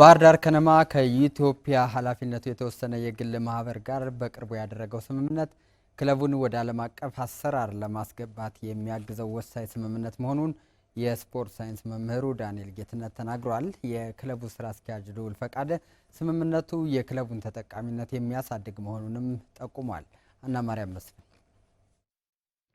ባህር ዳር ከነማ ከኢትዮጵያ ኃላፊነቱ የተወሰነ የግል ማህበር ጋር በቅርቡ ያደረገው ስምምነት ክለቡን ወደ ዓለም አቀፍ አሰራር ለማስገባት የሚያግዘው ወሳኝ ስምምነት መሆኑን የስፖርት ሳይንስ መምህሩ ዳንኤል ጌትነት ተናግሯል። የክለቡ ስራ አስኪያጅ ልዑል ፈቃደ ስምምነቱ የክለቡን ተጠቃሚነት የሚያሳድግ መሆኑንም ጠቁሟል። አና ማርያም መስፍን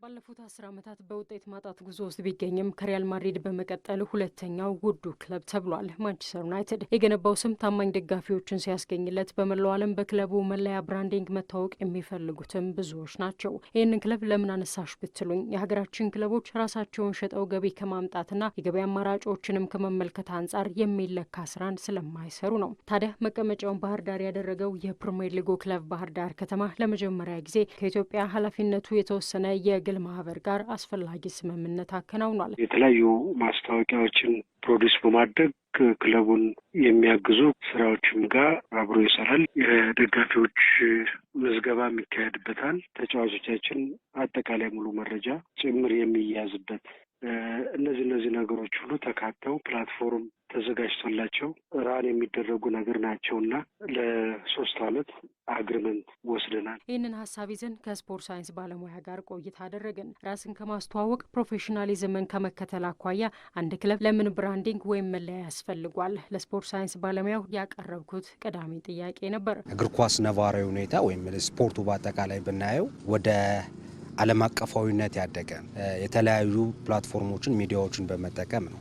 ባለፉት አስር ዓመታት በውጤት ማጣት ጉዞ ውስጥ ቢገኝም ከሪያል ማድሪድ በመቀጠል ሁለተኛው ውዱ ክለብ ተብሏል። ማንቸስተር ዩናይትድ የገነባው ስም ታማኝ ደጋፊዎችን ሲያስገኝለት በመላው ዓለም በክለቡ መለያ ብራንዲንግ መታወቅ የሚፈልጉትም ብዙዎች ናቸው። ይህንን ክለብ ለምን አነሳሽ ብትሉኝ የሀገራችን ክለቦች ራሳቸውን ሸጠው ገቢ ከማምጣትና የገቢ አማራጮችንም ከመመልከት አንጻር የሚለካ ስራን ስለማይሰሩ ነው። ታዲያ መቀመጫውን ባህር ዳር ያደረገው የፕሪምየር ሊጉ ክለብ ባህር ዳር ከተማ ለመጀመሪያ ጊዜ ከኢትዮጵያ ኃላፊነቱ የተወሰነ የ ከግል ማህበር ጋር አስፈላጊ ስምምነት አከናውኗል። የተለያዩ ማስታወቂያዎችን ፕሮዲስ በማድረግ ክለቡን የሚያግዙ ስራዎችም ጋር አብሮ ይሰራል። የደጋፊዎች ምዝገባ የሚካሄድበታል። ተጫዋቾቻችን አጠቃላይ ሙሉ መረጃ ጭምር የሚያዝበት እነዚህ እነዚህ ነገሮች ሁሉ ተካተው ፕላትፎርም ተዘጋጅቶላቸው ራን የሚደረጉ ነገር እና ለሶስት አመት አግሪመንት ወስደናል። ይህንን ሀሳብ ይዘን ከስፖርት ሳይንስ ባለሙያ ጋር ቆይታ አደረግን። ራስን ከማስተዋወቅ ፕሮፌሽናሊዝምን ከመከተል አኳያ አንድ ክለብ ለምን ብራንዲንግ ወይም መለያ ያስፈልጓል? ለስፖርት ሳይንስ ባለሙያው ያቀረብኩት ቀዳሚ ጥያቄ ነበር። እግር ኳስ ነባራዊ ሁኔታ ወይም ስፖርቱ በአጠቃላይ ብናየው ወደ ዓለም አቀፋዊነት ያደገ የተለያዩ ፕላትፎርሞችን ሚዲያዎችን በመጠቀም ነው።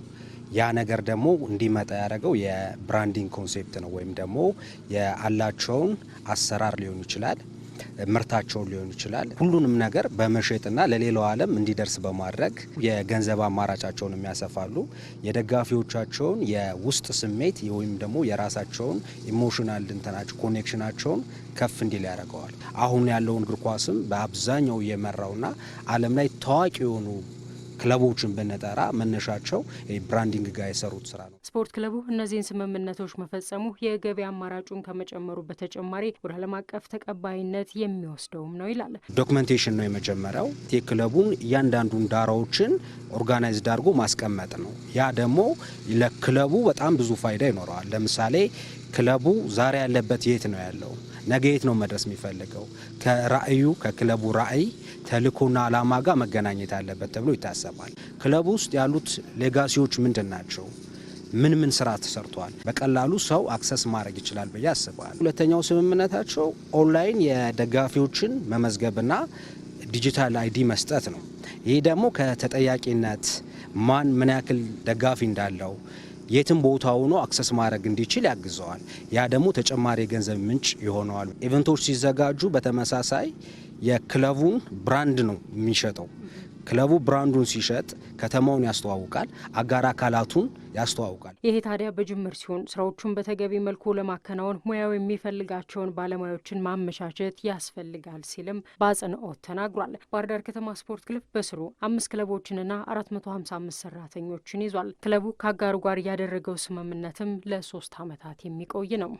ያ ነገር ደግሞ እንዲመጣ ያደረገው የብራንዲንግ ኮንሴፕት ነው ወይም ደግሞ ያላቸውን አሰራር ሊሆን ይችላል ምርታቸውን ሊሆን ይችላል። ሁሉንም ነገር በመሸጥና ለሌላው ዓለም እንዲደርስ በማድረግ የገንዘብ አማራጫቸውን የሚያሰፋሉ። የደጋፊዎቻቸውን የውስጥ ስሜት ወይም ደግሞ የራሳቸውን ኢሞሽናል እንትናቸው ኮኔክሽናቸውን ከፍ እንዲል ያደርገዋል። አሁን ያለውን እግር ኳስም በአብዛኛው የመራውና ዓለም ላይ ታዋቂ የሆኑ ክለቦችን ብንጠራ መነሻቸው ብራንዲንግ ጋር የሰሩት ስራ ነው። ስፖርት ክለቡ እነዚህን ስምምነቶች መፈጸሙ የገበያ አማራጩን ከመጨመሩ በተጨማሪ ወደ ዓለም አቀፍ ተቀባይነት የሚወስደውም ነው ይላል። ዶክመንቴሽን ነው የመጀመሪያው። የክለቡን እያንዳንዱን ዳራዎችን ኦርጋናይዝድ አድርጎ ማስቀመጥ ነው። ያ ደግሞ ለክለቡ በጣም ብዙ ፋይዳ ይኖረዋል። ለምሳሌ ክለቡ ዛሬ ያለበት የት ነው ያለው? ነገ የት ነው መድረስ የሚፈልገው? ከራዕዩ ከክለቡ ራዕይ ተልእኮና ዓላማ ጋር መገናኘት አለበት ተብሎ ይታሰባል። ክለቡ ውስጥ ያሉት ሌጋሲዎች ምንድን ናቸው? ምን ምን ስራ ተሰርቷል? በቀላሉ ሰው አክሰስ ማድረግ ይችላል ብዬ አስባል። ሁለተኛው ስምምነታቸው ኦንላይን የደጋፊዎችን መመዝገብና ዲጂታል አይዲ መስጠት ነው። ይህ ደግሞ ከተጠያቂነት ማን ምን ያክል ደጋፊ እንዳለው የትም ቦታ ሆኖ አክሰስ ማድረግ እንዲችል ያግዘዋል። ያ ደግሞ ተጨማሪ የገንዘብ ምንጭ ይሆነዋል። ኢቨንቶች ሲዘጋጁ በተመሳሳይ የክለቡን ብራንድ ነው የሚሸጠው። ክለቡ ብራንዱን ሲሸጥ ከተማውን ያስተዋውቃል፣ አጋር አካላቱን ያስተዋውቃል። ይሄ ታዲያ በጅምር ሲሆን ስራዎቹን በተገቢ መልኩ ለማከናወን ሙያው የሚፈልጋቸውን ባለሙያዎችን ማመቻቸት ያስፈልጋል ሲልም በአጽንኦት ተናግሯል። ባህርዳር ዳር ከተማ ስፖርት ክለብ በስሩ አምስት ክለቦችንና አራት መቶ ሀምሳ አምስት ሰራተኞችን ይዟል። ክለቡ ከአጋሩ ጋር ያደረገው ስምምነትም ለሶስት ዓመታት የሚቆይ ነው።